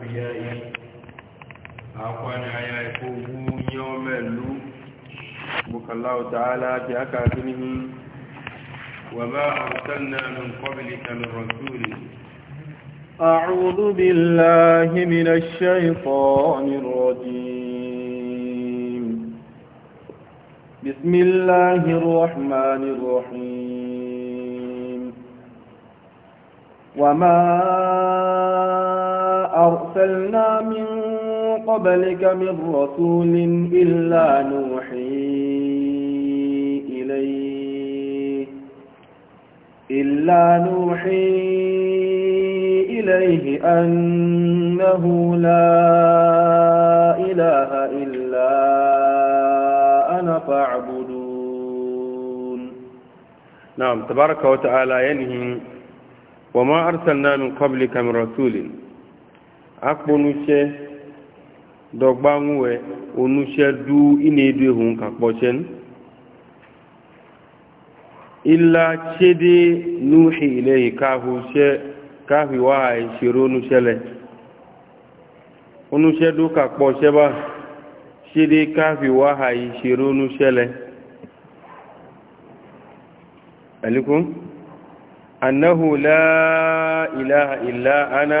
بك الله تعالى في أكاثره وما أرسلنا من قبلك من رسول أعوذ بالله من الشيطان الرجيم بسم الله الرحمن الرحيم وما أرسلنا من قبلك من رسول إلا نوحي إليه إلا نوحي إليه أنه لا إله إلا أنا فاعبدون نعم تبارك وتعالى ينهي وما أرسلنا من قبلك من رسول akpọnuche dọgbanwe onuche du inedu ehun ka kpọchen ila chede nuhi ilehi kahu she kahu wa ishiro nuchele onuche du ka kpọche ba chede kahu wa ha ishiro nuchele alikun annahu la ilaha illa ana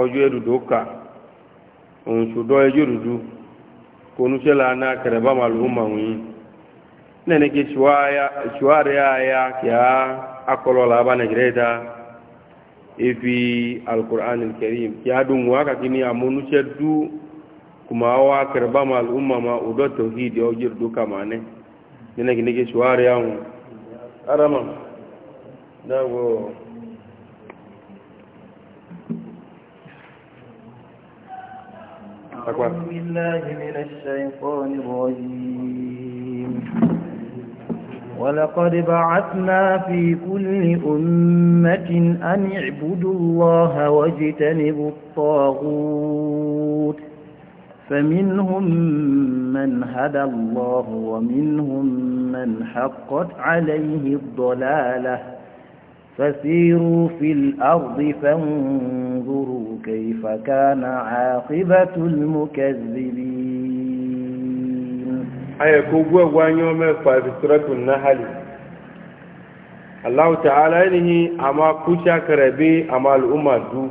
ọjọ́ ẹ̀dùdó ka òǹṣùdọ́ ẹjọ́ dúdú kò ní ṣẹlẹ̀ aná kẹrẹ̀bá màlúùmà wọ̀nyí nẹ́ni kí ṣùwárí àyà kí a akọlọ̀ làbá nàìjíríà ta efi alukur'an kẹrìm kí a dùn wá kàkí ni àmúnúṣẹ́ dú kùmà wá kẹrẹ̀bá màlúùmà ma ọdọ́ tòhídì ọjọ́ ẹ̀dùdó ka mà ní nẹ́ni kí ṣùwárí àwọn arama dáwọ́ أكبر بالله من الشيطان الرجيم ولقد بعثنا في كل أمة أن اعبدوا الله واجتنبوا الطاغوت فمنهم من هدى الله ومنهم من حقت عليه الضلاله فسيروا في الأرض فانظروا كيف كان عاقبة المكذبين أي كوبوا وانيوم فابسرة النهل الله تعالى إنه أما كوشا كربي أما الأمة دو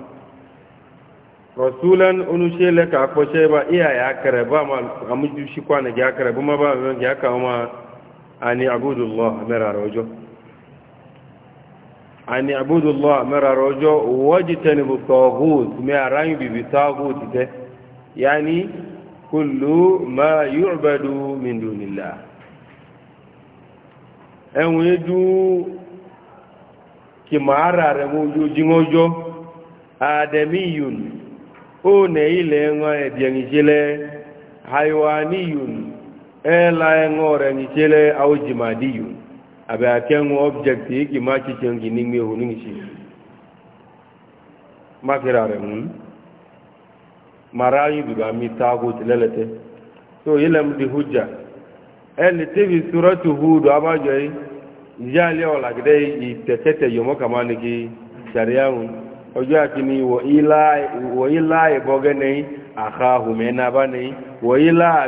رسولا أنشي لك أكوشي با إيا يا كربا ما أمجدو شكوانا يا كربا ما با يا كربا أني أعبد الله مرار وجوه ani abudullah mara rojo wajitani bu taghut me aranyu bi taghut de yani kullu ma yu'badu min dunillah enwe du ki mara re mu ju jingojo adamiyun o ne ile ngo e bien jile haywaniyun ela ngo re ni jile au jimadiyun abe akengu object iki machi chengi ningmi huningi chi mi tagu tilelete so ilam di hujja el tibi suratu hud abajoy jali ola gide itekete yomo kamani ki shariaun ojo akini wo ila wo ila ibogene ila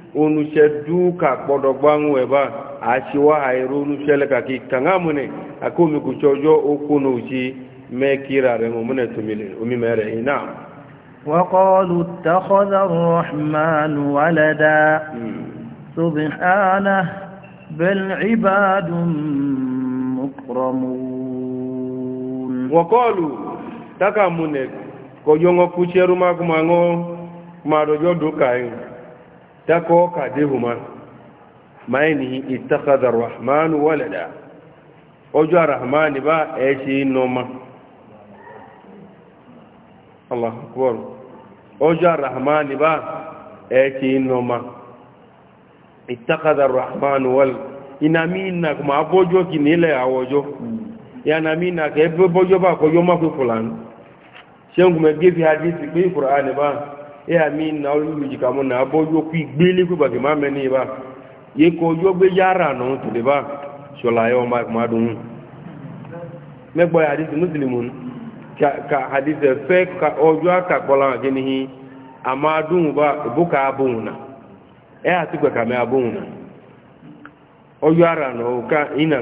onusɛ duka kpɔdɔgbaŋu ɛba asiwa ayɛrɛ onusɛ lɛ kaki kanga mune ako mikutsɔjɔ okono tsi mɛ kira rɛ mo mune tomile omi mɛ rɛ ina. وقالوا اتخذ الرحمن ولدا سبحانه بل عباد مكرمون وقالوا تكامونك كو يونغو كوشيرو ماكو مانغو ما دوجو دوكاين tako kade huma maini ittakhadha rahmanu rahman walada ojo ar ba e noma Allah akbar ojo ar ba e noma ittakhadha na wal inamina kuma abojo kinile awojo yanamina ke bojo ba ko yo ma fulan shengu me ba e mi na olulu jika mo na bo yo ku igbele ku bagi ma meni ba ye ko yo gbe yara no to le ba so a. yo ma ma dun me gbo hadith muslimun ka ka hadith ka ojo aka kola gini hi ama ka ba buka abuna e ati gbe ka me abuna ojo ara no ka ina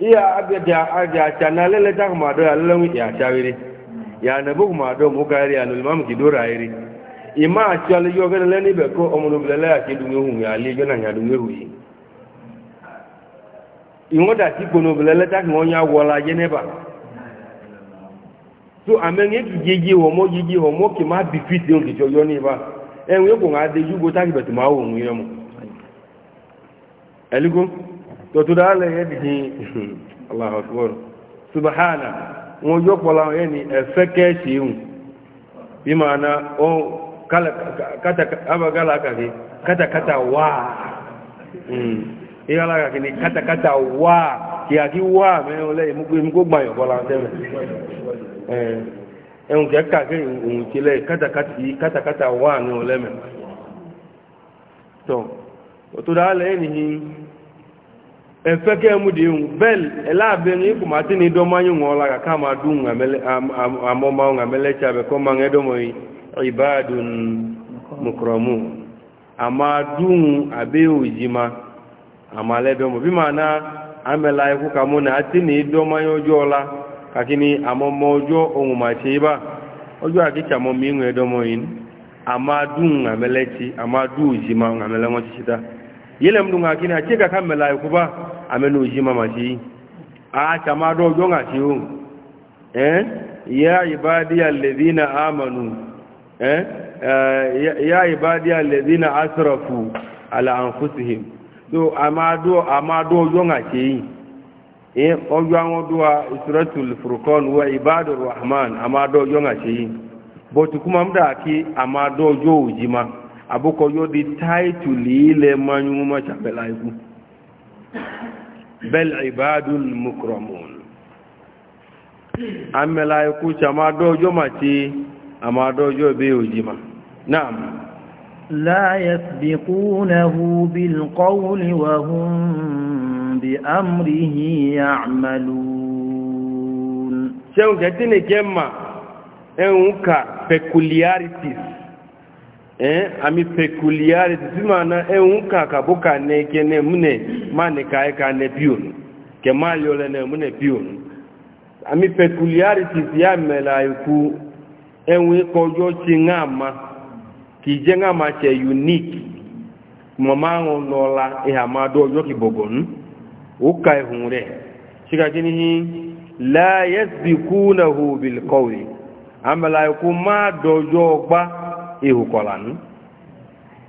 iya abida aja chana lele ta kuma do lele ya chawiri ya na bu kuma do mu kari ya nulmam ki do rairi ima chale yo gele leni be ko omunu lele ya ki dunye hu ya li jona ya dunye hu yi ingo da ti kono lele ta ngo nya wola ne ba so amenge ki jeje wo mo jeje wo mo ki ma bi fit yo ki yo ni ba enwe eh, ko nga de go ta ki betu ma wo mu yo mu eligo tọ̀tọ̀dá alẹ́ yẹ́ dìhín Allahu Akbar subhana wọn yóò pọ̀lá yẹ́ ni ẹ̀fẹ́ kẹ́ẹ̀ṣì ìhùn bí ma na ó abagala kàkí kátàkátà wà ìyálà hmm. kàkí ni kátàkátà wà kí a kí wà mẹ́rin lẹ́yìn mú kó gbàyàn pọ̀lá tẹ́mẹ̀ ẹ̀hùn kẹ́kà kí òun ti lẹ́yìn kátàkátà wà ní ọlẹ́mẹ̀ tọ̀ tọ̀tọ̀dá alẹ́ yẹ́ nìyí efeke mudiu bel elabeni kumati ni domanyu ngola kama dunga mele amoma nga mele chabe koma ngedomo ibadun mukramu ama dun abe ujima ama ledomo bimana amela iku kamuna atini domanyu jola kakini amoma ojo ongumachi iba ojo akicha momi ngedomo yin ama dun nga melechi ama du ujima nga mele ngochita amenu ji mama ji a ta ma do jonga ti o eh ya ibadi alladhina amanu eh ya ibadi alladhina asrafu ala anfusihim so amado amado jonga ti eh ojo awon duwa suratul wa ibadur rahman amado jonga ti botu kuma mda ki amado jo ujima aboko yo di title ile manyuma cha belaiku bal ibadun mukramun amela ikuchi amadojo mati amadojo be ojima naam لا يسبقونه بالقول وهم بأمره يعملون شو جاتني كما انك peculiarities eh ami peculiarity ti mana e un ka ka buka ne ke ne mune mane ka e ka ne piun ke ma yo le ne mune piun ami peculiarity ti ya mela iku e un ko jo ti ngama ki je ngama che unique mama on lola e ha ma do jo ki bogon o ka e hun re shiga gini hi la yasbikunahu bil qawli amala iku ma do gba ehukolan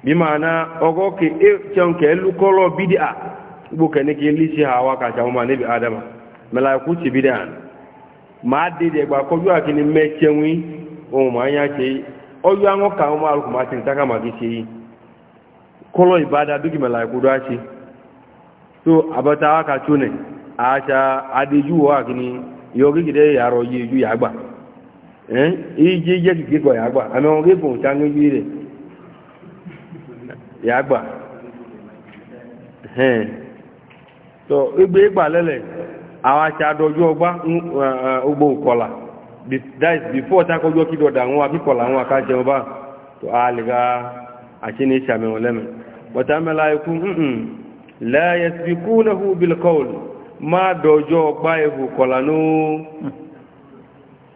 bimana ogo ke e eh, chon ke lu kolo bid'a bu ke ne ke li si hawa ka cha ma ne bi adama mala ku ci bid'an ma de de gba ko ju akini me chenwi o oh, ma nya che o oh, ju an ka ma lu ma tin taka ma ki ci kolo ibada duki mala ku da ci so abata ka tune acha adiju wa akini yogi ya yaro yeju yagba ya iji jẹ́ kìkì kọ̀ yàgbà àmì wọn kéfò ta ní bí rẹ̀ yàgbà so igbe ìgbà lele àwọn aṣe àdọ́jú ọgbá ogbò that is before takọjọ́ kí dọ̀dà àwọn akíkọlà àwọn akáṣẹ ọba tó a lè ga àṣẹ ní ìṣàmì wọn lẹ́mẹ̀ bọ̀tá mẹ́la ikú lẹ́yẹsì kúnlẹ̀hù bilkọ́ọ̀lù ma dọ̀jọ́ ọgbá ihò kọla n'ụ.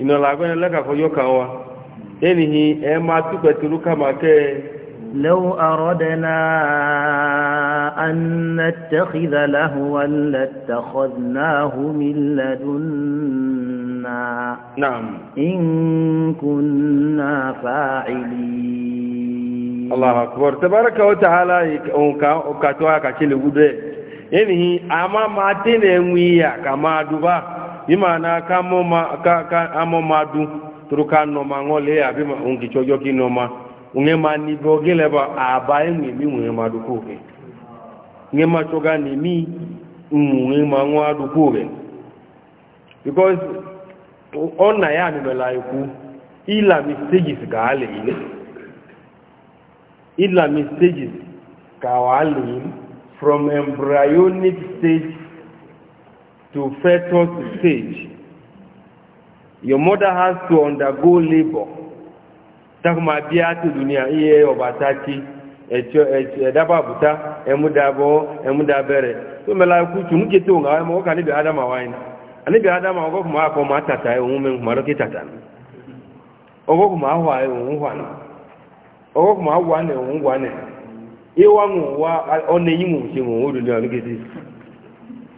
ìnàlágbẹ́ni lẹ́kàfọ́ yóò kàn wá ẹnìyí ẹ máa túpẹ̀ tìrú kàmà kẹ́ ẹ. لو أردنا أن نتخذ لهوا لاتخذناه من لدنا نعم إن كنا فاعلين الله أكبر تبارك وتعالى أكتوها كتلو بي يعني أما ما تنمي كما دبا ima na ka amụma du tụrụ ka nọ ma nọma ṅụlie ma nke chọjọ gị nọma nge ma nibe oge leba aba enwe mi nwe ma dukwu oge nge ma chọga na mi nwe ma nwa dukwu oge because ọ na ya mimela ikwu ila mistages ka a leile ila mistages ka wa leile from embryonic stage to fetal stage. Your mother has to undergo labor. ma biya to duniya iye obata ki, ẹ̀dábà bùta, ẹmúdàbọ̀, ẹmúdàbẹ̀rẹ̀. Tó ka ikú tù ní kété òun àwọn ọmọ ọkà níbi Adama wáyé. Níbi Adama ọgọ́ kùmọ̀ àkọ́ máa tàtà ẹ̀hún mẹ́rin kùmọ̀ lókè tàtà. Ọgọ́ kùmọ̀ àwọ̀ ẹ̀hún wà ní. Ọgọ́ kùmọ̀ àwọ̀ ẹ̀hún wà ní.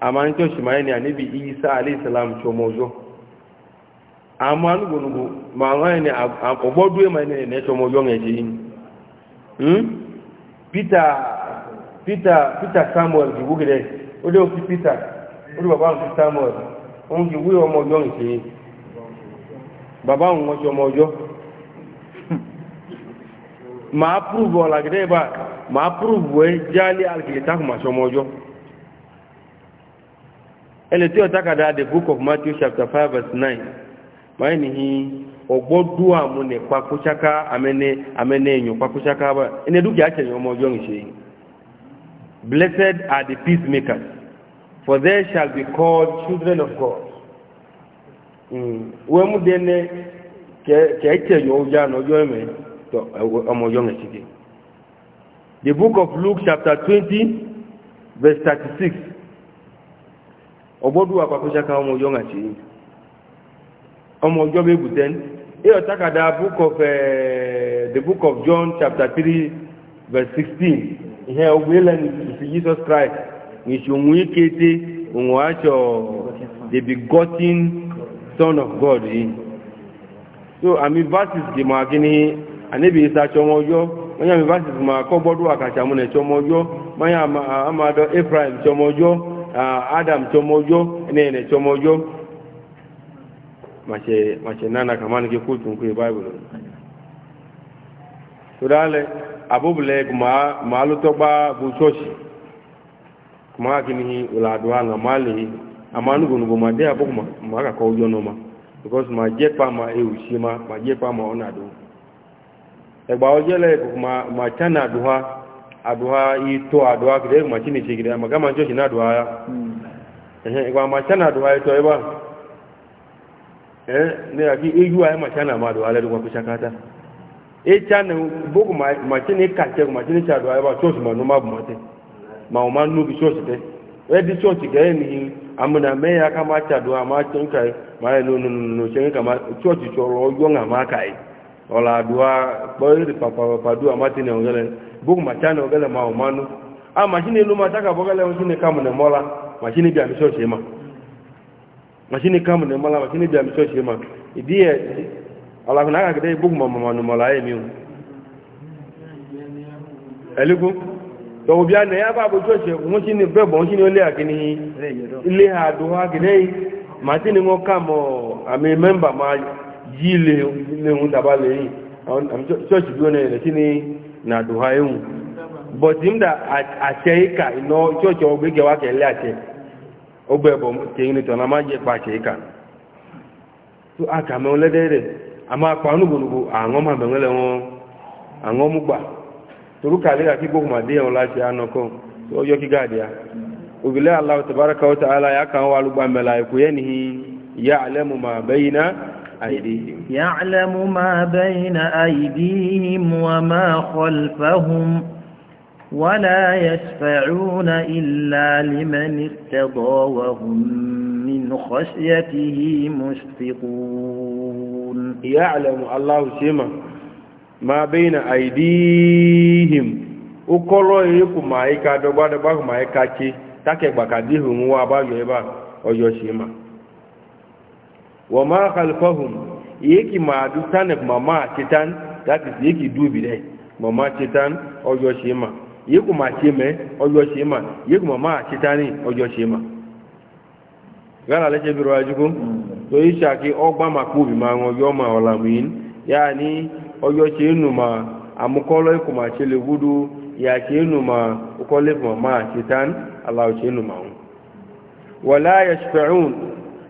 amma an kyau shi ma yana nabi isa alaihissalam ce mojo amma an gunugu ma wani ne a kogodu ya mai ne ce mojo ne ce yin peter samuel ji wuge dai o de ofi peter o de baba ofi samuel o ji wuye ọmọ ọjọ ne ce yin baba n wọ́n ṣe ọmọ ọjọ ma approve ọ̀làgídẹ́ bá ma approve ẹ jálẹ̀ alìkìlẹ̀ takùn ma ṣe ọmọ ọjọ́ ẹni tí ọ̀tá kàdá the book of matthew chapter five verse nine báyìí nìyí ọgbọ́dún àmú ní pakúṣáká amẹ́nẹ́ amẹ́nẹ́ èèyàn pakúṣáká bá ẹni dúkìá kẹ̀yìn ọmọ ọjọ́ ìṣe blessed are the peacemakers for they shall be called children of god hmm, wọ́n mú dẹ́nẹ́ kẹ̀kẹ̀yìn ọjọ́ àná ọjọ́ ẹ̀mẹ́ ọmọ ọjọ́ ìṣe the book of luke chapter twenty verse thirty six ọgbọ́dù àpapọ̀ṣáká ọmọ ọjọ́ àti ọmọ ọjọ́ mẹ́gùtẹ́n èyọ takàdá book of eh, the book of john chapter three verse sixteen ìhẹ́ ọgbẹ́lẹ̀ ní jesus christ ìṣòwò kété òun àṣọ the begotten son of god yìí so àmì verses dì mọ́ akíní àníbi ìsàṣọ ọmọ ọjọ́ wọ́n yà verses mọ́ akọ́gbọ́dù àkàṣà múnẹ̀ ṣọmọ ọjọ́ wọ́n yà àmàdọ́ ephraim ṣọmọ ọjọ́ Ah, adam chomojo nene chomojo mache mache nana kamani kikutu nkwe bible tudale abubule kuma malu toba buchoshi kuma kini uladwa na mali amanu gunu goma de abu kuma maka ko yonoma because ma je ma e ushima ma je pa ma onadu egba kuma ma chana duha aduwa ito aduwa kide ma kini ce gida ma gama joshi na aduwa ya hmm. eh igba ma chana aduwa ito iba eh ne aki iyu ay e ma e chana ma aduwa le duwa ku shakata e chana bugu ma ma kini ka cha aduwa iba church ma no ma bu mate ma o ma nu church te e di church ga ni amuna me ya ma cha aduwa ma tin kai e, ma no no no chen ka ma church choro yo nga ma kai ola aduwa boy ri papa papa aduwa mati tin ne boku machane ogele maomanu a machine ilu mataka bogele machine kamu ne mola machine bi amisho shema machine kamu ne mola machine bi amisho shema idie alafu naka kide boku mamamanu mola ye miu eliku to obia ne ya babu joshe machine bebo machine ole akini ile ha duha kide machine ngo kamo ami member ma yile ne hun dabale yi am church bi na duha ewu but im da ache ika ino chocho ogbe gewa kele ache ogbe bo ke ni to na ma je pa ache ika so aka me ole dere ama pa nu gulugu awon ma me ole won awon mu gba toru ka le ki gogun ma de on la ti anoko so yo ki gade ya obile allah tabaaraka wa ta'ala ya kan wa lugba mela ku yenihi ya'lamu ma bayna يعلم ما بين أيديهم وما خلفهم ولا يشفعون إلا لمن ارتضى وهم من خشيته مشفقون يعلم الله سيما ما بين أيديهم ukọlọ eku ma ika dọgbadọgba ma ika ki takẹgbàkadìhùn wọn abáyọ ẹbá ọyọ ṣe máa wa ma khalfahum yake ma du tanab e mama citan that is yake dubi dai mama citan ojo shema yake ma cheme ojo shema yake mama citani ojo shema gara leje biro ajukum mm. to isha ki ogba makubi ma won yo ma olamin yani ojo chenu ma amukolo ko ma chele wudu ya chenu ma ukole mama citan allah chenu ma wala yashfa'un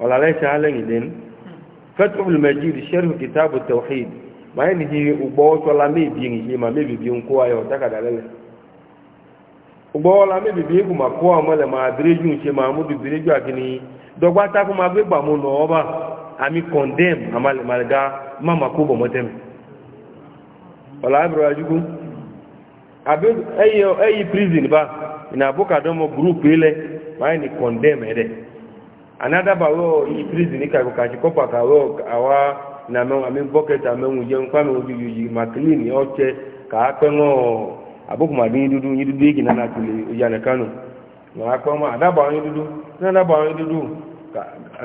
ولا ليس علينا فتح المجيد شرح كتاب التوحيد ما ينهي أبوت ولا مي بينه ما مي بيون كوا يوتك دلالة أبوت ولا مي بينه ما كوا ما لما أدريجون شيء ما مود أدريجوا أكني دعوة تاكم أبي بامون أوبا أمي كوندم أما مالجا ما مكوب متم ولا أبرو أجوكم أبي أي أي prison با إن أبوك أدمو group إله ما ينهي كوندم هذا anadaba wo oh, iprison ni kaiko kachi kopa ka wo oh, awa na me ami bucket amenwu je npa me oju yuji maclean oche ka oh, apenwo aboku uh, ma din dudu ni dudu igi na na tule ya na kanu na akwa ma adaba ni dudu na adaba ni dudu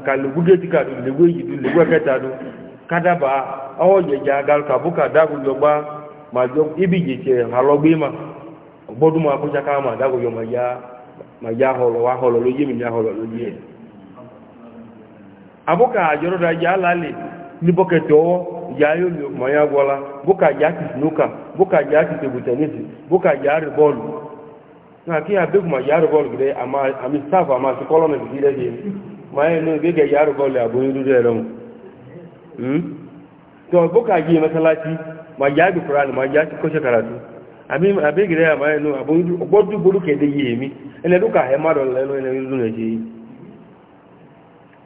ka lugude tika du legwe yi du legwe keta du kadaba awo je ja gal ka buka dagu jogba ma jog ibi je che ma gbodun ma ko jaka ma dagu yo ma ya ma ya holo wa holo lo yemi ni holo lo yemi abuka ajoroda jalale ni bokete owo jayo mi maya gola buka jaki snuka buka jaki table tennis buka jari ball na ki abeg ma jari ball gide ama ami staff ama si kolona gide de maya no gege jari ball abu yudu de ron hmm to buka ji masalati ma jabi qur'an ma jaki ko karatu ami abeg gide ama no abu yudu obodu bodu ke de yemi ele duka he ma do le no ele yudu ne ji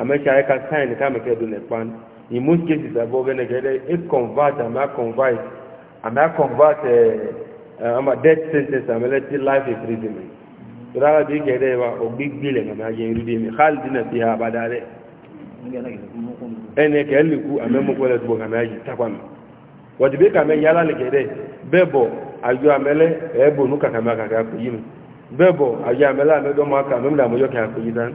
amẹ́kẹ́ ayé ka sáyẹn nìkan amẹ́kẹ́ do n'ẹ̀kpan in most cases abọ́ bẹ́ẹ̀ nìkan ẹ̀dẹ́ e convert àmì aconvert àmì aconvert ẹ̀ ama death sentence àmì ẹlẹ́tì life imprisonment tọ́lá bí kẹ́ ẹ̀dẹ́ wa ọ̀gbígbé lẹ̀ nàmá yẹn irú dèmi hali dina bi ha abada rẹ̀ ẹnì kẹ́ ẹ̀lẹ́kú amẹ́mọ́kọ́ lẹ́tọ́ bọ̀ kàmẹ́ ayé takwa mi wọ́n bí kàmẹ́ yálà nìkan ẹ̀dẹ́ bẹ́ẹ̀ bọ̀ àjọ àmẹ́lẹ́ ẹ̀ẹ́bọ̀ nù kàkàmẹ́ kàkà kò yí mi bẹ́ẹ̀ bọ̀ àjọ àmẹ́lẹ́ àmẹ́dọ́mọ́ kàmẹ́ mi làmọ́jọ́ kàkà kò yí dání.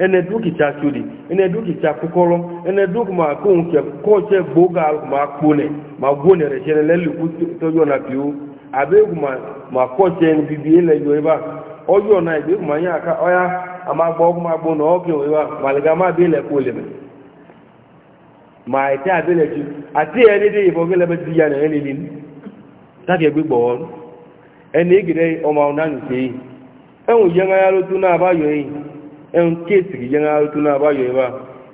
ene duki cha chudi ene duki cha kukolo ene nke ma kunke ma kune ma gune na piu abe ma ma na egwu ma nya aka ya ama gbo ma gbo na oke oiba maliga ma bi a kule me ma ite abele ju ati ibo ya na ene lin ta ma ona ya na nkesi gị yẹn tu na abayọ ebe a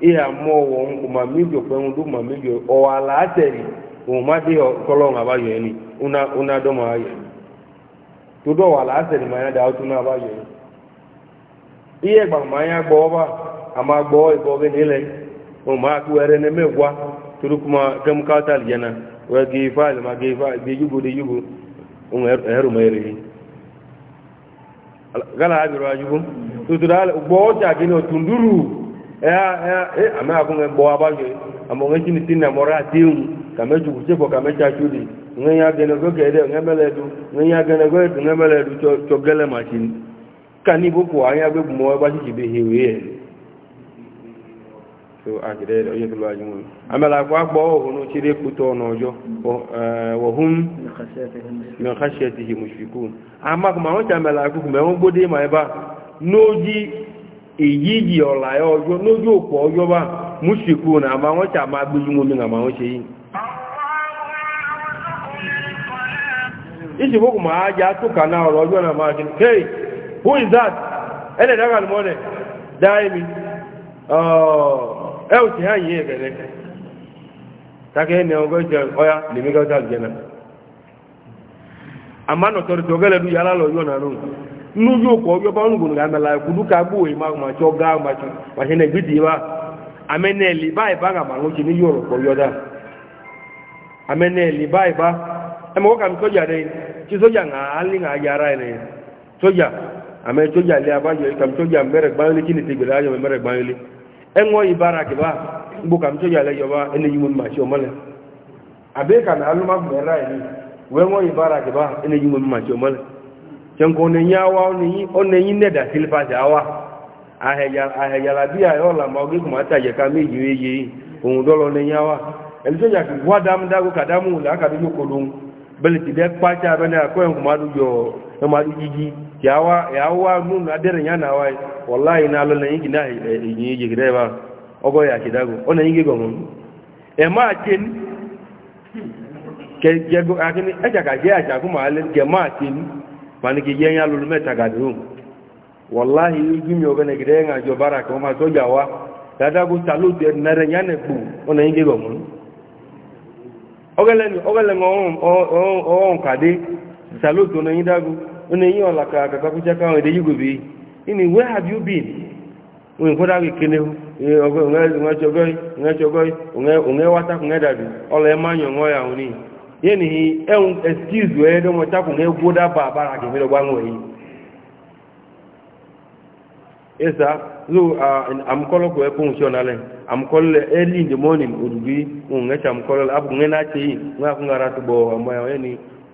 ihe amụ ọwụ nkwụ ma mmejọ kwenwu dụ ma mmejọ ọwa ala atẹri ụma dị kọlọ na abayọ eni ụna una dọma ayọ to dọ ọwa ala atẹri ma ya dị tu na abayọ eni ihe gba ma ya gbọ ọba ama gbọ ịbọ gị niile ụma akụwere na emegwa turu kuma kemikal tal yana wee gị faịlị ma gị faịlị gị yugo dị yugo ụmụ erumere er, gana ajụrụ ajụgbu tuturu gbọọ ọcha gị n'otu nduru e e e, ama agụ nwe gbọọ agbaghị amụnwe chiniti na mọrọ ati ewu ka mechukwu chekwa ka mecha chudi nwe ya genego gede nwe meledu nwe ya genego etu nwe meledu ma machin ka n'igbo kwụ anya so akidɛ ɔyɛ tolo ajumu amɛla kó akpɔ ɔhunu tsi de kutu ɔnɔdzɔ ti ama kuma wọn tsa mɛla kó kumɛ wọn gbóde ma yɛ ba n'odzi ɔla yɛ n'odzi ama ama isi kuma kana ɔlɔ na ma hey who is that ɛnɛ daga daa yi ẹ̀wù tí hàn yìí ẹ̀gẹ̀rẹ̀ takẹ́ ẹni ọgọ́ jẹ ọya lèmi gẹ́gẹ́ àlùjẹ́ náà àmà nọ̀tọ̀ rẹ̀ tọ́gẹ́ lẹ́nu yàrá lọ yọ̀ náà nù nínú yóò kọ́ yọ bá ń gùn gàmẹ́ la kudu ká gbó yìí má má tsọ́ gá má tsọ́ má tsẹ́ nà gbìdì wa amẹ́nẹ́ lè báyìí bá gàmà ló tsi ní yọ̀rọ̀ kọ́ yọ dá amẹ́nẹ́ lè báyìí bá ẹmẹ wọ́n kàmi sọ́jà rẹ̀ tí sọ́jà ŋà alẹ́ ŋà yàrá rẹ̀ sọ́jà amẹ́ sọ́jà lẹ́ abájọ́ kàmi sọ́jà mẹ́rẹ̀ gbáyọ̀lẹ́ kí ni tẹ̀gbẹ̀rẹ̀ ayọ̀ mẹ́rẹ̀ gbáyọ̀lẹ́ ẹ̀wọ̀n ìbára kìbá gbókà tó yà lẹ́yọba ẹnẹ́yìn mọ́ màṣí ọmọlẹ̀ àbẹ́kà ní alúmọ̀mẹ́ra ẹ̀yìn wẹ́wọ́n ìbára kìbá ẹnẹ́yìn mọ́ màṣí ọmọlẹ̀ ṣẹ́nkọ́ ọ̀nẹ̀yìnwá ọ̀nẹ̀yìn nẹ́dà sílífàṣà wá ahẹ̀yàlàbíà yọ́ làmà ọgbẹ́kùnmọ́ àtàyẹ̀ká méjì yeye ohun dọ́lọ ọ̀nẹ̀yìnwá ẹ̀lẹ́sọ́ yà kí wá dámúdágó kàdámù làákàdúgbò kòlóhun bẹ́lẹ̀ ti dẹ́ pàṣẹ abẹ́nẹ́ àkọ́ ẹ̀kùnmọ́ àdúgbò na ma igi yawa yawa nun na dere nya na wai wallahi na lalle igi na igi igi gire ba ogo ya ki dago ona igi go mun e ma tin ke je go akini e ga ga je a ja ku ma le ke ma tin ma ni ki je nya lulu meta ga du wallahi igi mi ogo na gire nga jo baraka o ma so yawa da dago talu de nare nya ne bu ona igi go mun ogalen ogalen o o o o kadi Saloto na Indago, na Inyo Alaka, Kakakucha Kawa, the Yugobi. In e where have you been? When what are we killing? Ngachogoi, Ngachogoi, Ungewata, Ngedadu, all Emmanuel Moya Uni. Yeni, Elm, excuse where don't want to talk Buddha Baba, I can hear one way. Esa, so uh, I'm calling for a function. I'm calling early in the morning would be Ungacha, I'm calling Bo,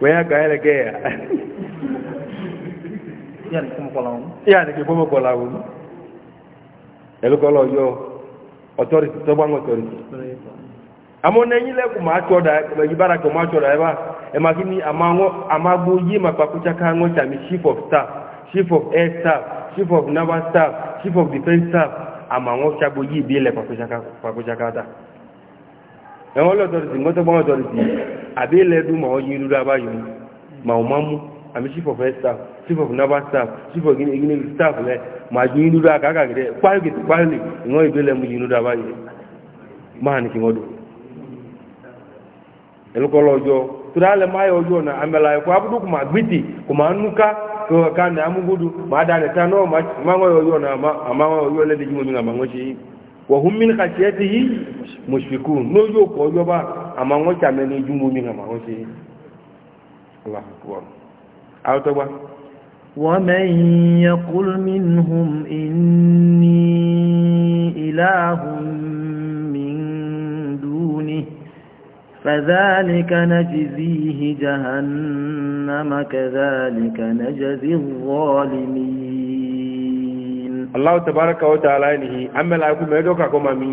wẹ́yà kàáyẹ̀lẹ̀ kẹ́yà yà ní kí fọ́mọ̀ kọ̀lá wọn ẹ̀lúkọ́lọ̀ yọ ọ̀tọ́rìtì tọ́gbọ́n ọ̀tọ́rìtì àmọ́ nẹ́yìn lẹ́kùn máa tọ́dà ìbára kan máa tọ́dà ẹ̀bá ẹ̀mà kí ni àmàgbó yí màpapúchá káwọn tàbí chief of staff chief of air staff chief of naval staff chief of defense staff àmàwọn ṣàgbó yí ìbílẹ̀ papúchá káta ẹ̀wọ́n lọ́tọ́rìtì ngọ́tọ́gbọ́n ọ̀tọ́rìtì àbí ilẹ̀ dùn màá yín lúdú abáyọ màá má mú àmì chief of health staff chief of naval staff chief of guinea staff lẹ màá yín lúdú akáàkà gẹ̀dẹ̀ pàlì pàlì ìwọ̀n ìgbélẹ̀ mú yín lúdú abáyọ máa ní kí wọ́n dùn. ẹlùkọ́lọ́ ọjọ́ tó dá lẹ máa yọ ọjọ́ náà àmẹ́lá ẹ̀kọ́ abúdó kò máa gbìtì kò máa ń núká kò ká ní amúgbódù máa dá nìta náà máa wọ́n ọjọ́ náà àmọ́ wọ́n tà mẹ́ni ojú mú mi hàn àwọn ṣe aláàkúwà àwọ́tọ́gbá wọ́n mẹ́yìn yẹkùl minhum inni ìlàhùn min dúni فذلك نجزيه جهنم كذلك نجزي الظالمين الله تبارك وتعالى نهي أما لا يكون ميدوك أكو مامي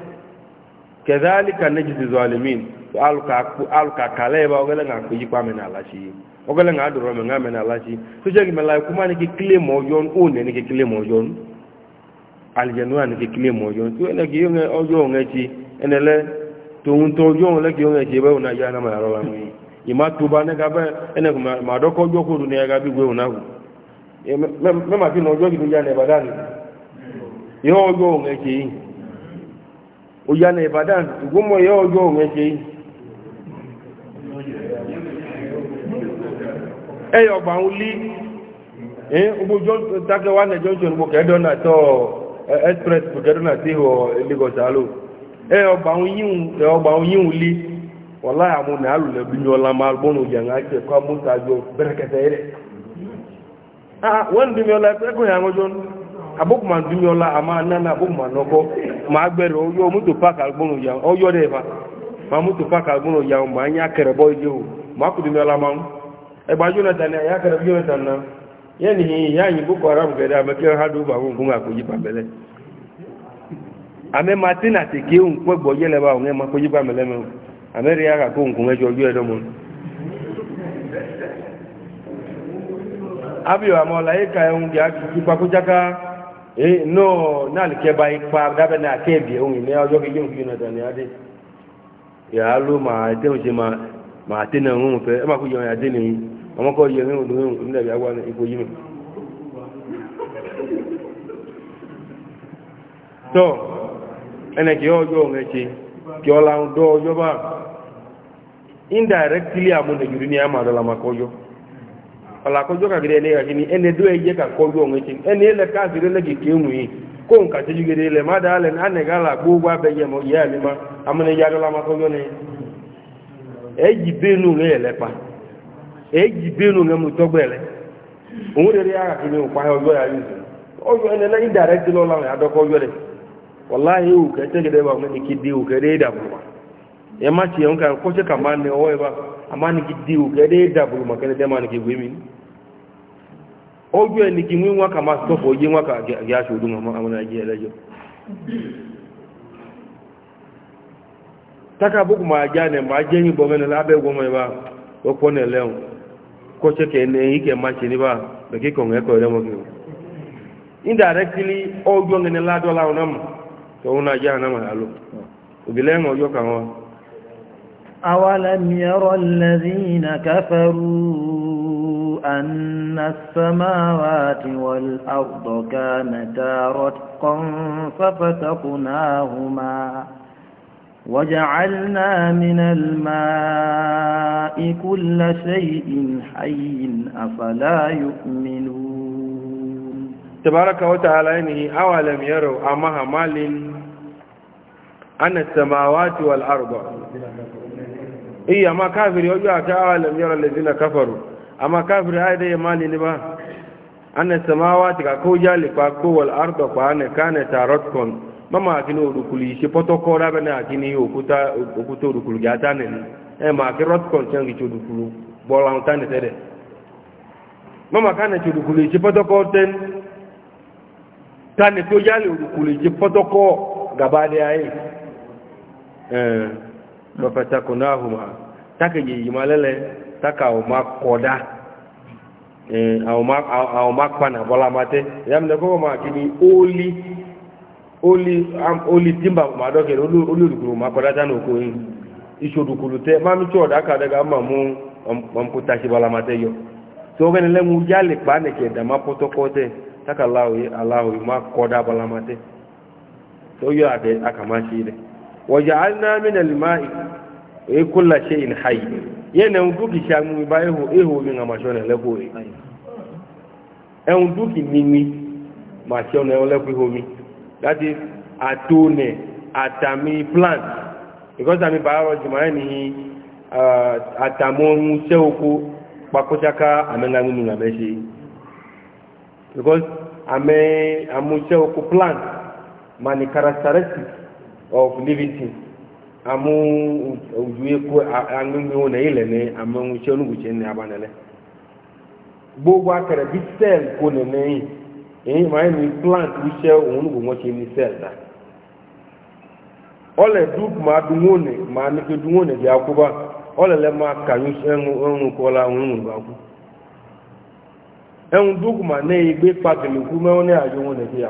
كذلك نجزي الظالمين alka kala ba ogele nga kuyi kwa mena alashi ogele nga aduro me nga mena alashi tuje ni mala kuma ni claim ojon une ni claim ojon aljanwa ni claim ojon tu ele gi yonge ojo nge ti enele to un le gi yonge ti be una ya na ma ro la mi ima tuba ne ga be ene kuma e, ma do ko ojo ko badani yo ojo nge òyà ní ìbàdàn ìgbómọ̀ yẹ́ ọjọ́ òun ẹ̀ṣẹ́ yìí ẹ̀yọ̀ ọgbà ń lí ọgbójọ́ tákẹwà nẹjọ́ jọ nípo kẹ́ẹ̀dọ́nà tọ́ express kẹ́ẹ̀dọ́nà tí ìhọ̀ lagos alo ẹ̀yọ̀ ọgbà ń yíhun lí wọ́n láyà mú ní alùlẹ̀bí ní ọlá máa gbónú yẹ̀ ń àjẹ́ abokuma dunyola ama nana abokuma nɔkɔ maa gbɛrɛ oyɔ moto park agbɔnɔ yan ɔyɔ dɛ fa maa moto park agbɔnɔ yan maa nya kɛrɛbɔ yi o maa kutu dunyola ma ɛgba jonathan ya kɛrɛ jonathan na yanni hin ya na boko haram kɛrɛ ame kɛ ha do ba ko nkun ka ko maa tena te ke nkpɛ gbɔ yɛlɛ ba o ŋɛ ma ko yi pamɛlɛ mɛ o de ya ka ko nkun ɛdzɔ yɔ mɔ. la e ka ŋun a E no naanị keba ikpa dabe na aka ebie onwe na ọjọọ gị yom na nọdọ ya dị ya alụ ma ete ma ma ate na onwe mfe ema kwụ yọrọ ya dị n'iyi ọmọ kọ yọrọ onwe onwe onwe na-abịa awa na yi yimi so ene kì ọjọ onwe chi kì ọla ndọ ọjọ ba indirectly amụ ni ya ma maka ọjọọ ọlàkọjọ́ kàgídẹ́ ilé ẹ̀kí ni ẹni dó ẹyẹ kàkọjú ọ̀hún ẹ̀kí ẹni ilẹ̀ káàkiri lẹ́kì kéwù yìí kóhùn kàtẹ́júgẹ́dẹ́ ilẹ̀ má dáa lẹ́nu anẹ̀gálà gbogbo abẹ́yẹ mo yẹ́ àmì má amene dọ́là má kọjọ́ ni ẹ̀yì bẹ́ẹ̀nù rẹ̀ lẹ́pa ẹ̀yì bẹ́ẹ̀nù e mú tọ́gbẹ̀lẹ̀ òun rẹ̀ rí ara kìíní òpá ọjọ́ yà yìí ọjọ́ ẹni náà indirect lọ làwọn yà dọ́kọ́ ọjọ́ rẹ̀ wọ́lá yìí òkè tẹ́gẹ́dẹ́ bá wọn ni kéde òkè rẹ̀ dàbọ̀ ẹ̀ má tiẹ̀ ń kà kọ́ṣẹ́ kàmbá ni ọwọ́ ẹ̀ bá a diu kede dabulu makene de manigi wimin ojo eniki mwi nwa kama stop oje nwa ka ga ashudu na amana je lejo taka buku ma jane ma jenyi bogene labe goma ba okone leon ko cheke ne ike ma chini ba beke ko ngeko le mo ki indirectly ojo ngene la dola onam to una jana ma alo obilengo ojo kan wa أولم يرى الذين كفروا أن السماوات والأرض كانتا رتقا ففتقناهما وجعلنا من الماء كل شيء حي أفلا يؤمنون تبارك وتعالى إنه أولم يروا أمها مال أن السماوات والأرض Iya amma kafiri wajen a ta awa lamiyar kafaru amma kafiri haida ya mali ni ba ana samawa ta ka ko jalifa ko wal arda fa ana kana tarot kon mama akini urukuli shi protocol rabe na akini okuta okuta odukulu ga ta ne e ma ki rot kon chen bolan ta ne mama kana ti odukulu shi protocol ten ta ne to jali odukulu gabade ai eh mafatakunahuma tákejì yìí máa lẹ́lẹ̀ táka àwọn máa kọ̀dá àwọn máa pa nà bọ́lá máa tẹ́ ìyáàmìnà kọ́kọ́ máa kí ni óólí óólí óólí tímbà máa dọ́kẹ̀rẹ̀ olóòdùkúrò máa kọ̀dá tánà òkú yìí ìṣòdùkúrò tẹ́ máa mi tí ọ̀dá kàdẹ́gà máa mú ọmọkúta sí bọ́lá máa tẹ́ yọ tí wọ́n kẹ́ni lẹ́mu yálè pa nìkẹ́ dàmá pọ́tọ́kọ́ tẹ́ táka aláwòye aláwòye máa kọ́dá bọ́lá máa tẹ́ tó yọ àkàmáṣe rẹ̀ وجعلنا من الماء كل شيء حي yẹnẹun dúkì ṣe amúmi bá ihò omi ọmọ ṣọ́nà ẹlẹ́kọ̀ọ́ rẹ̀ ẹun dúkì mímí ma ṣe ọ̀nà ẹlẹ́kọ̀ọ́ ihò omi láti àtọ́nẹ̀ àtàmì plant because àmì biology ma ní àtàmọ́ ohun ṣẹ́ oko pakọ́ṣáká àmẹ́lámúnú àmẹ́ṣe because àmẹ́ àmúṣẹ́ oko plant ma characteristics of liberty amu ojue ko a wo na ile ne amu che onu guche ne abanele gbogbo akere bi cell ko ne ne eyin ma e ni plant wi che onu mo cell da ole ma du woni ma ni ke du woni bi le ma ka onu ko la onu mu ba e ku ma ne igbe patele ku me woni ajo woni ke ya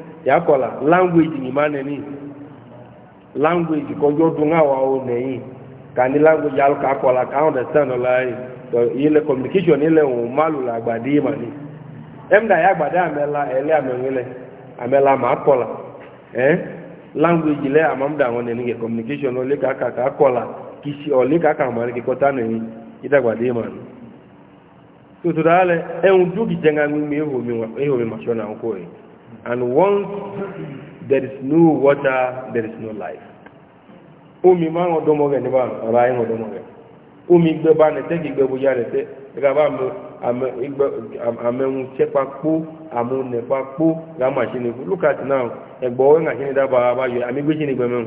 yakola language ni mane ni language ko yo dunga wa o nei kani language yal ka kola ka understand lai to ile communication ile o malu la gbadi ma ni emda ya gbadi amela ele amenwele amela ma kola eh language le amamda won ni ke communication ole kaka ka ka kola kisi ole kaka ka ma ke kota ni ida gbadi ma ni to to dale e un dugi mi mi ho mi wa e ho mi And once there is no water, there is no life. Omi máa ń ọdọ́ mọ́gẹ̀ níbà Omi gbẹ bá nẹ̀ tẹ́kì bóyá tẹ́. Ẹ̀ka bá àmẹ́hun kpó, kpó, ṣe nìkú. Look at now, ẹ̀gbọ́ ọ̀wẹ́ ńgà ní dábàá abáyọ, àmì gbé ṣe ní mẹ́hun.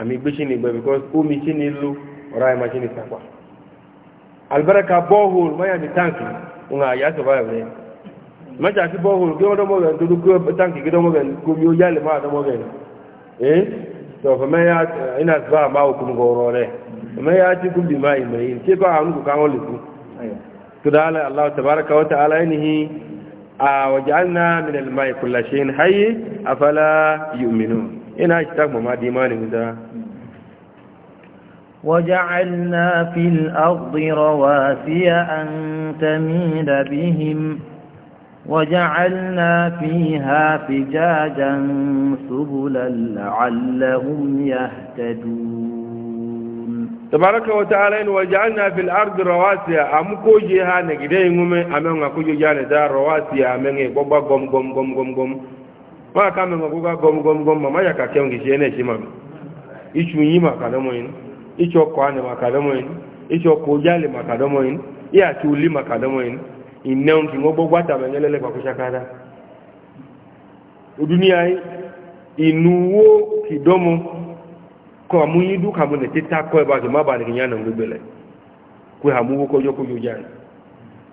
Àmì gbé because omi ṣe ní lo ọ̀rá ẹ̀ máa ṣe ní sàpà. táǹkì, òun àyà mẹ́ta sí bọ́ọ̀hùn kí wọ́n dọ́mọ́ rẹ̀ torí kí wọ́n táǹkì kí dọ́mọ́ rẹ̀ kómi ó yálẹ̀ máa dọ́mọ́ rẹ̀ ẹ́ tọ̀fọ̀ mẹ́yà iná sí báà máa òkun gọ̀ọ̀rọ̀ rẹ̀ mẹ́yà tí kú bí máa ìmẹ̀ yìí tí kọ́ àwọn kòkà wọn lè kú tó dáálẹ̀ aláwọ̀ tàbára kawọ́ ta a wàjá min alma ìkùlà ṣe ń haye afala yominu ina ci tak mama di mani da وجعلنا في الأرض رواسي أن تميد بهم وجعلنا فيها فجاجا سبلا لعلهم يهتدون تبارك وتعالى وجعلنا في الأرض رواسي أمكوجي هانا كده يمومي أمين أكوجي جانا دا رواسي أمين بابا قم قم قم قم قم ما كامل مكوكا قم قم قم ما يكا كيون كيشيني شمام إيش ميني ما كدموين إيش أكواني ما كدموين إيش أكوجالي ما كدموين إيه أتولي ما كدموين ìnẹ́un kí wọ́n gbọ́gbọ́ àtàmẹ́lẹ́lẹ́ pàkúṣakára òdúníà ìnuwó kìdọ́mù kọ àmúyídú kàmúnẹ̀ títà kọ́ ẹbá kì má bà ní ìyànà gbẹ̀gbẹ̀lẹ̀ kó àmúwó kọjọ́ kójó jáàrì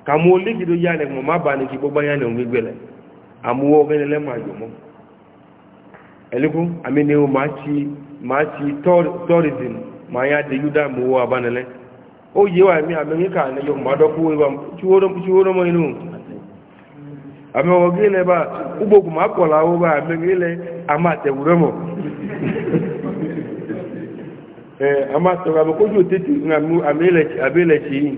kàmú olékìdó jáàrì mọ̀ má bà ní kí gbọ́gbọ́ yànà gbẹ̀gbẹ̀lẹ̀ àmúwó ọgẹ́nilẹ́ máa yọ̀ mọ́ ẹ̀lẹ́kún àmì ni ó máa ti tourism ó yé wa mi àmì kíkà ní yóò mọ́ dọ́kú ìwà tíwóró mọ́ inú àmì ọwọ́ gílẹ̀ bá ugbogbo máa kọ̀ láwọ́ bá àmì gílẹ̀ a máa tẹ̀wúrẹ́ mọ̀ a máa tọ̀rọ̀ àmì kójú tètè àmì ilẹ̀ ṣe yìí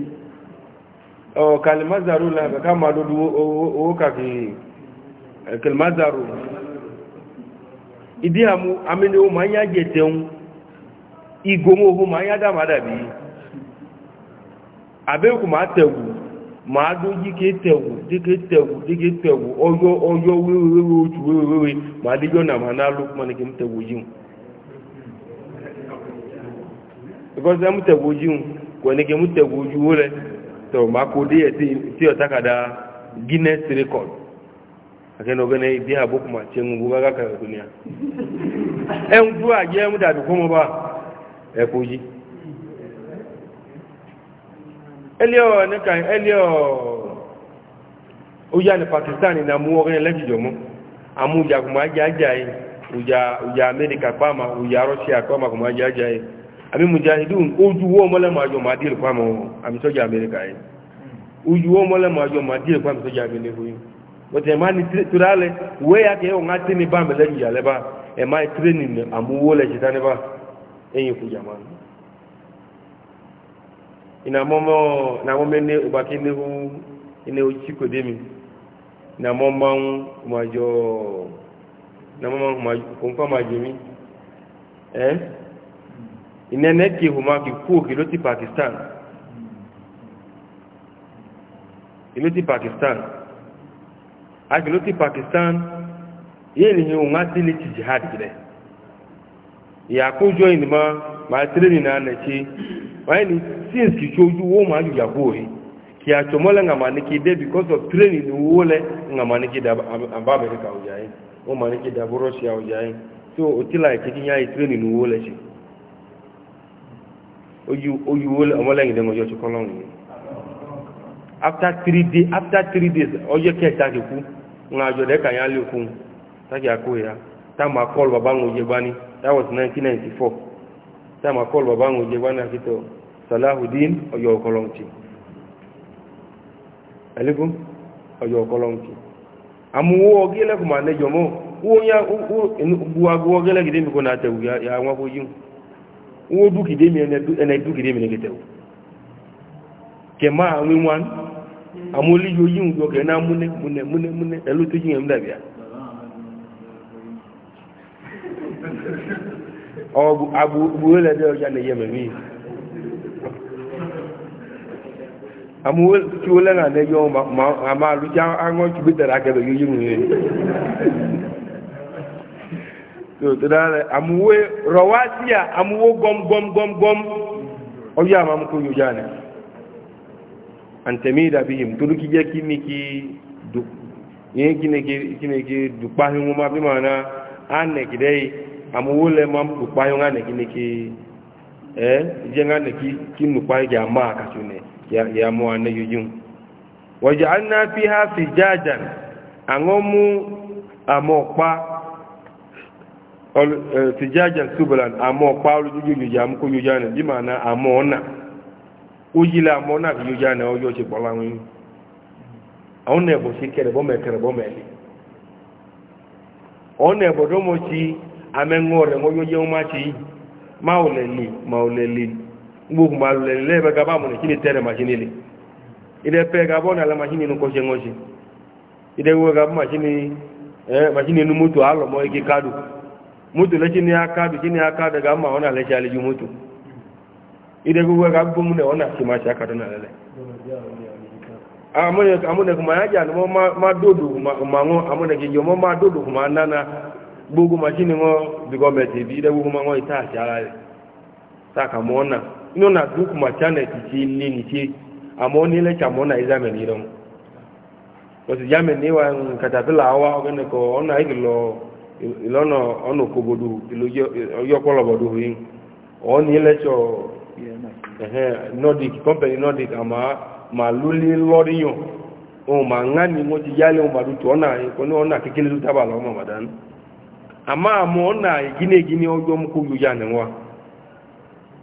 ọ̀ kalimazaru la kàkà máa dúdú owó kàkì kalimazaru ìdí àmì ni ó máa ń yá jẹ tẹun ìgbóhùn ohun máa ń yá dámadábì yìí abegwu ma ategwu ma adụ dịka etegwu dịka etegwu dịka etegwu oyo oyo wewewe otu wewewe ma adịgo na ma na-alụ mana ke m tegwu ji m because kwene ma dị guinness record ma ń elio nika elio uja ni pakistani na muore leji jomo amu uja kumaja ajai uja uja amerika kwama uja russia kwama kumaja ajai ami mujahidun uju wo mole majo madil kwama ami soja amerika yi uju wo mole madil kwama soja amerika huyu wote mani turale we yake yo ni ba meleji ya leba training amu wole jitane ba enyi ina momo na momo ne ubaki ne hu ine uchi ko demi na momo majo na momo kumpa majimi eh ine ne ki huma pakistan iloti pakistan aki loti pakistan ye ni hu ngati li jihad gire ya ku ma ma training na na wani since ki choju wo ma ju yakoi ki a chomola nga maniki de because of training ni wole nga maniki da amba america ujai o maniki da russia ujai so otila ki ti nyai training ni wole shi oyu oyu wole amola ngi de ngojo chokolon ni after 3 days after 3 days oye ke ta ki ku nga jo de kan ya le ku ta ki akoya ta ma call baba ngoje bani that was 1994 táà ma kọ́ọ̀lù bàbá àwọn òjò wánà kìtọ̀ salahudin ọ̀yọ̀ ọ̀kọlọ́ǹtì ẹ̀lẹ́gùn ọ̀yọ̀ ọ̀kọlọ́ǹtì àmúwò ọ̀gẹ́lẹ́kùn máa nẹjọ mọ́ wọ́n gẹ́lẹ́gìdé mi kò náà tẹ̀wù ya wọ́n kó yíwù wọ́n dúkìdé mi ẹnẹ dúkìdé mi kẹ náà múnẹ múnẹ múnẹ múnẹ ẹlú tó dàbíà agbúwélẹ̀ dẹ́ ọjà lè yẹmẹ̀ mí amúwélẹ̀ náà lẹ́yọ́ àmà àlújá àwọn ṣùgbé tẹ̀rẹ akẹ́bẹ̀ yóò yíwùn rẹ̀ tó dára amúwé rọwá sí à amúwó gọmgọmgọm ọjọ́ àmà mú kó yóò já ní àǹtẹ̀mí ìdàbí yìí tó lókí jẹ́ kí ní kí dùpá hínwó má bí màá náà á amewo le ma nukpa yɔ ŋa neki neki ɛ dze ŋa neki ki nukpa yi ya ma katsi ne ya ya mo ane yi dzi ŋu wɔdze ana fi ha fi dzadza aŋɔ mu amɔkpa ɔlu eh, fi dzadza subulan amɔkpa ɔlu dzodzi yodzi amu ko yodzi ane bi ma na amɔ na wodzi le amɔ na fi yodzi ane ɔyɔ tsi kpɔla ŋu awo ne bɔ si kɛrɛ bɔ mɛ amẹ́ńgọ́ rẹ̀ wọ́n yóò jẹ́ wọ́n máa ṣe yìí máa ò lẹ̀ lè máa ò lẹ̀ lè gbogbo máa lẹ̀ lè lẹ́ẹ̀bẹ̀ gaba mọ̀ nìkí ni tẹ́rẹ̀ màṣíní lè ilẹ̀ pẹ́ gabọ́ ní alamàṣíní inú kọ́ṣẹ́ wọ́n ṣe ilẹ̀ wọ́n gabọ́ màṣíní inú mọ́tò alọ́mọ́ ike káàdù mọ́tò lẹ́ṣí ní akáàdù kí ní akáàdù gama ọ̀nà lẹ́ṣẹ́ alẹ́jú mọ́tò ilẹ̀ gbogbo gbogbo machine wọn bíkọ mẹtì bí dẹ gbogbo wọn ìta àti ara rẹ saka mọ ọna inú na dúkù màtí àná títí ní nìtí àmọ ní lẹkì àmọ ọna ìzá mẹni rẹ wọn sì já mẹni wa katapila wa ọgẹni kọ ọna yìí lọ ìlọnà ọnà òkòbodò ọyọkọlọbọdò yìí ọ ní lẹkì nordic company nordic àmà màlúlí lọríyàn ohun màá ń ŋá ni wọn ti yálé ohun màdùtù ọ̀nà ìkọ́ni ọ̀nà kékeré tó tábà lọ́wọ́ màmá dáná ama amo na igine gini ojo mko yuja nwa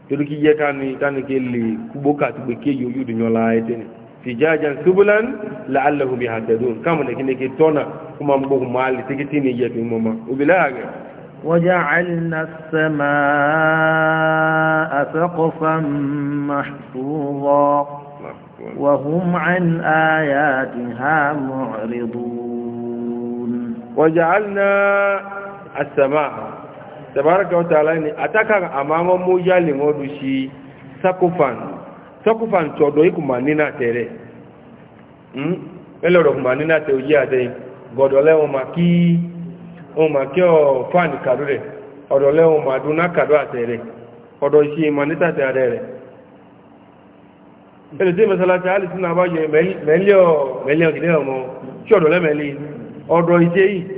turuki je tani tani kele kuboka tube ke yoyu dunyola etene fijajan subulan la'allahu bihatadun kama ne kine ke tona kuma mbo mali tikitini je tun mama ubilaga وجعلنا السماء سقفا محفوظا وهم عن آياتها معرضون وجعلنا asama tabaraka wa ta'ala ni ataka amama mo yali ngodu shi sakufan sakufan chodo iku manina tere mm ele ro manina te uji ade godole o maki o maki o fan karure odole o maduna kadu atere odo shi manita te ade ele de masala ta ali sina ba ye melio melio kide omo chodo le meli odo ije yi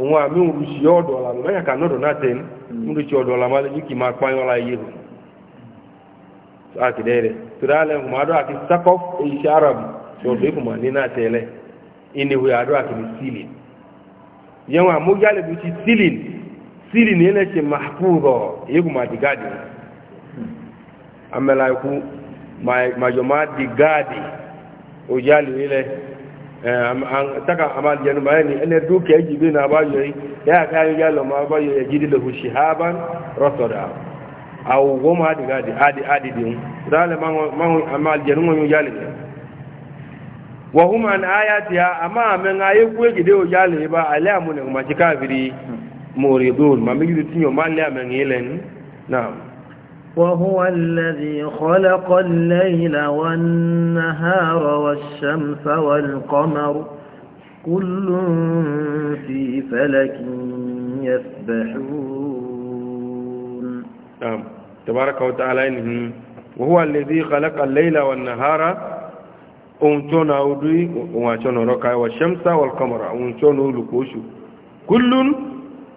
nwa mi nwuru si ya ọdụ ọla nwa ya ka nọdụ na ten mm. nwuru si ọdụ ọla ma lẹyìn kì máa pààyàn ọla yìí akidẹ rẹ torí alẹ nkùmọ adọ àti sakof eyisi arabu tí mm. ọdọ ìkùmọ ní náà tẹlẹ ìníwé adọ àti ní sílìn yẹn wọn àmójú alẹ ti sílìn sílìn yẹn lẹ ṣe mahfúrọ ìkùmọ àti gáàdì amẹlẹ gáàdì Eh, taka amal janu bayani ene duke yaji bi na bayo ya kayo yalo ma bayo ya jidi lahu shihaban rasada aw goma adi gadi adi adi din dale mango mango amal janu ngonyo yale wa huma an ayatiha ama men ayi ku gide o yale ba ala mun ma kafiri hmm. muridun ma mi gidi tinyo ma ala men yelen na'am وهو الذي خلق الليل والنهار والشمس والقمر كل في فلك يسبحون نعم تبارك وتعالى وهو الذي خلق الليل والنهار أمتون أودي وما شون والشمس والقمر كل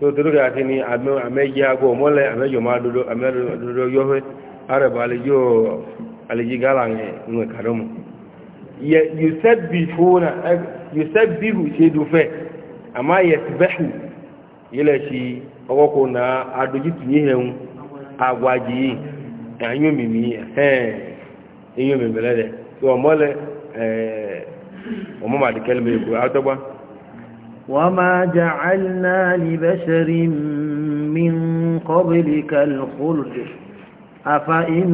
so toroke ati ni amẹ́jì agbó mọ́lẹ̀ amẹ́jọ máa dodo yọ́fẹ́ arẹ̀bà alẹ́jọ́ alẹ́jì gálà ń kàdọ́ mọ́ yusuf bihu ṣe dufẹ́ àmá yẹsibẹ́hù yílẹ̀ ṣe ọwọ́kọ̀ na adójútù yíhẹun agwájì yìí ẹ̀yọ́ mìmí وما جعلنا لبشر من قبلك الخلد أفإن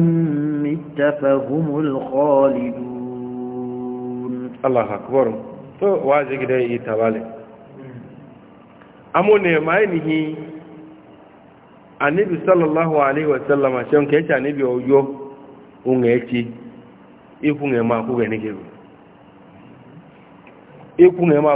مت فهم الخالدون الله أكبر تو واجه كده يتوالي أمو نعمائنه النبي صلى الله عليه وسلم شون كيش النبي أوجو ungeti ikunge ma ku genikebu ikunge ma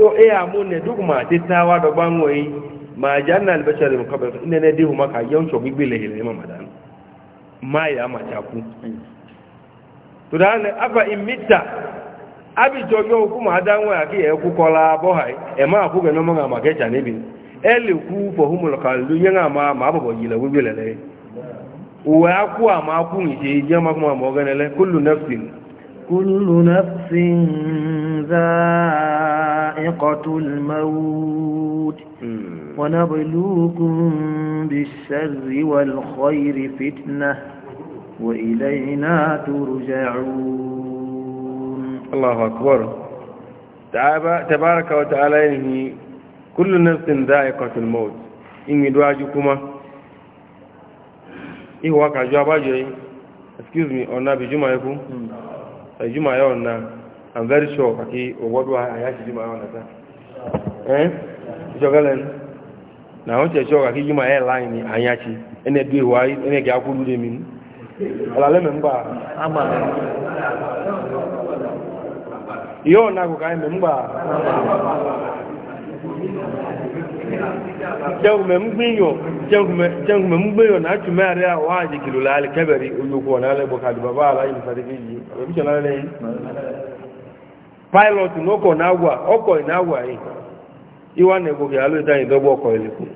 so e eh, ya mu ne duk ma ti tawa da bangoyi ma janna albashar min qabl inna ne dihu maka yawanci gbigbe le ile ma madan ma ya ma ta ku to da ne afa in mitta abi jojo ma adan wa ki e ku kola bo hai e ma ku ga no ma ma ke chane bi ele ku fo humul qaldu yanga ma ma bo bo le le wa ku ma ku ni je ma ma mo ga ne le kullu nafsin كل نفس ذائقة الموت ونبلوكم بالشر والخير فتنة وإلينا ترجعون الله أكبر تبارك وتعالى كل نفس ذائقة الموت إني دعاجكما إيه واقع جواب أجري excuse me ọ̀nà àbìjúmọ̀ ẹkú juma yau na i'm very sure kaki ogodo aya ti juma yau na ta eh jogalen na o che sure kaki juma airline aya anyachi ene bi wa ene ga ku lu mi ala le me ngba ama yo na ko kai me ngba jẹ́gùmẹ̀ ń gbìyàn jẹ́gùmẹ̀ ń gbìyàn náà tún mẹ́rin àwọn àjẹkìlò láàrín kẹ́bẹ̀rí olóko ọ̀nà alẹ́bọ̀ kàdùbà bá aláyé ìfàdébé yìí ẹ̀bíṣẹ́ lálẹ́ yìí pilot n'ọkọ̀ náà ọkọ̀ ìnáwà yìí ìwà nẹ̀gbọ̀gì alóòtá ìdọ́gbọ̀ ọkọ̀ ìlẹ̀kùn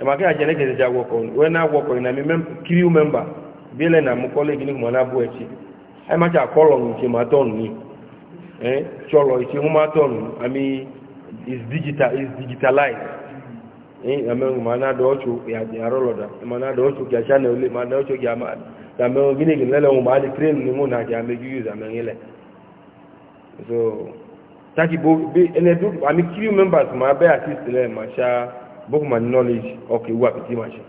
ẹ̀màkẹ́ àjẹ́lẹ́kẹ̀ẹ́ ti àwọ̀kọ̀ wẹ́n náà wọkọ̀ ìnàmí kiri mẹ́mbà bí ẹlẹ́ nà mú kọ́lẹ́gì ní mọ̀nà bú ẹ̀tì ẹ̀màkẹ́ àkọ́lọ̀ ní ti máa tọ́nù ní Eh, tọ́lọ̀ ìtì hún máa tọ́nù àmì is digital is digitalized eh amen mana do ocho ya ya roloda mana do ocho ya channel le mana ocho ya ma ya me gine gine le mo ma le train ni mo na ya me use amen ile so taki bo be ene do ami crew members ma be assist le ma sha book my knowledge okay wa bi ti ma sha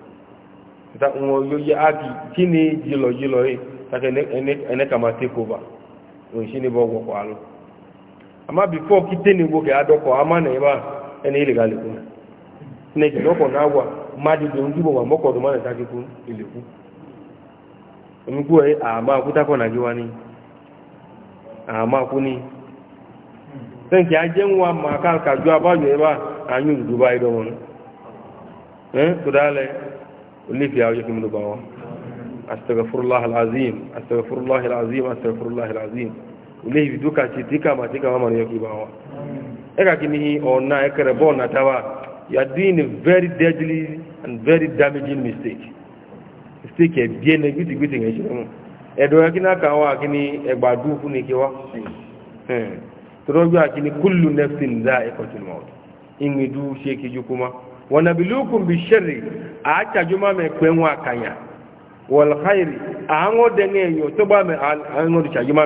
ta won yo ya aki kini jilo jilo e ta ke ene ene kama take over o shine bo wo ko alo amma before kite ne goke adoko amana ba ene ilegal ko ne ke loko na wa ma di do ngibo ma moko do ma ta ki ku ile ku mi ku e ama ku ta ko na giwa ni dubai do won eh to dale ni fi astaghfirullah alazim astaghfirullah alazim astaghfirullah alazim ile hivi duka chitika matika mama ni kibawa eka kini ona ekere bona tawa you are doing a very deadly and very damaging mistake mistake e bien gidi gidi ngai shimo edo yakina kawa kini egbadu funi kiwa eh torobi akini kullu nafsin dha'iqatul maut ingidu sheki jukuma wanabilukum bisharri acha juma me kwenwa kanya wal khairi ango denge yo toba me ango cha juma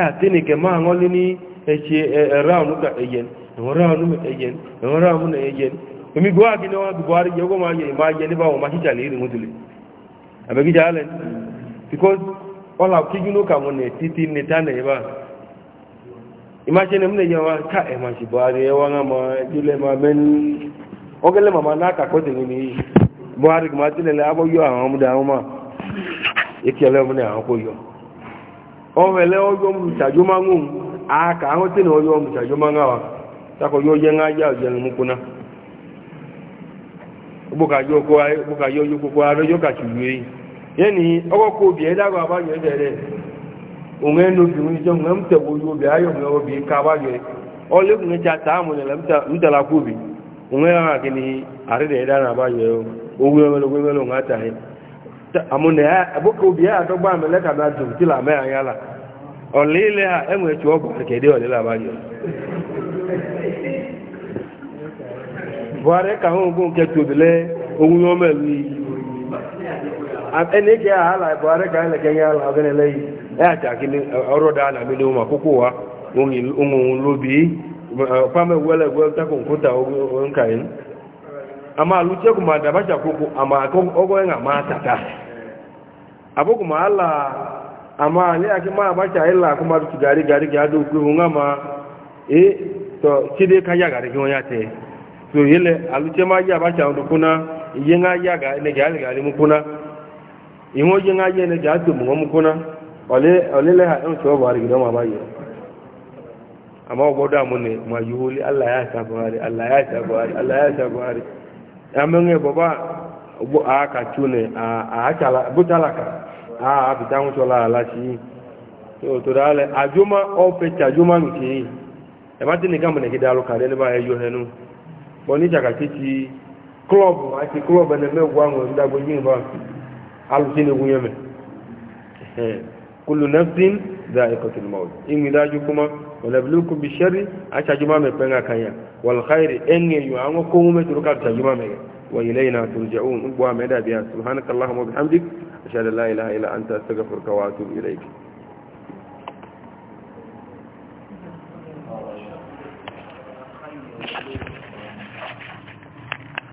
atene ke ma ngoli ni eche e, round e, e, ka eyen no round mu eyen no round mu eyen because all our kigino ka won ne titi ni tane imagine mu ne yawa ka e ma shi buhari e wa ma dile ma men ogele mama na ka ko de ni buhari ma dile le abo yo awon mu da awon ma onwele oyo mchajo manwụ aka ahụtị na oyo mchajo manwa takoye oye ngaja ojenmkwụna gbokaye oye kwukwara yo kacha uwe yeni ọgwọkọ obi edago agbanyọ edere onwe n'obi nwụjọ ka agbanyọ ya amụna ya abụka obi ya adọgba amele e ka na jụrụ tila ama ya anyala ọlile ha enwere chi ọgwụ ka ede ọlile abanyụ buhari ka hụ nke tobile onwunye omelu iyi ẹnìkẹ́ e àhálà buhari ka ẹnìkẹ́ e ya ala ọgẹ́nẹ̀lẹ́ yìí ẹ̀ àtàkì ní ọrọ̀ dáa nà mí ní ọmọ àkókò wa ohun lóbi pàmẹ́ wẹ́lẹ̀ wẹ́lẹ̀ tako nkúta ogun kàyín abugu ma a amma ni ake ma ba ta illa kuma su gari gari ga do ma e to kide ka ya gari yonya te to yele aluche ma ya ba ta ndu kuna yenga ya ga ne gari gari mu kuna ga mu kuna ole le ha ba ma amma da ya buhari Allah ya buhari Allah ya buhari ogbo aka tune a achala butalaka a abita nwuchola ala chi otoro ale ajuma ofecha ajuma nke ebati ni gambo nekede alụkarị ebe a eyo henu bonija ka kiti klọb aki klọb na-eme egwu ahụ ndagbo ihe mba alụsi na-egwu yeme kullu nafsin za ikotin maut in widaju kuma ونبلوكم بالشر أتجمع من بينك يا والخير إن يعانوا كومة ركاب تجمع منك وإلينا ترجعون أبوام إلى بها سبحانك اللهم وبحمدك أشهد أن لا إله إلا أنت أستغفرك وأتوب إليك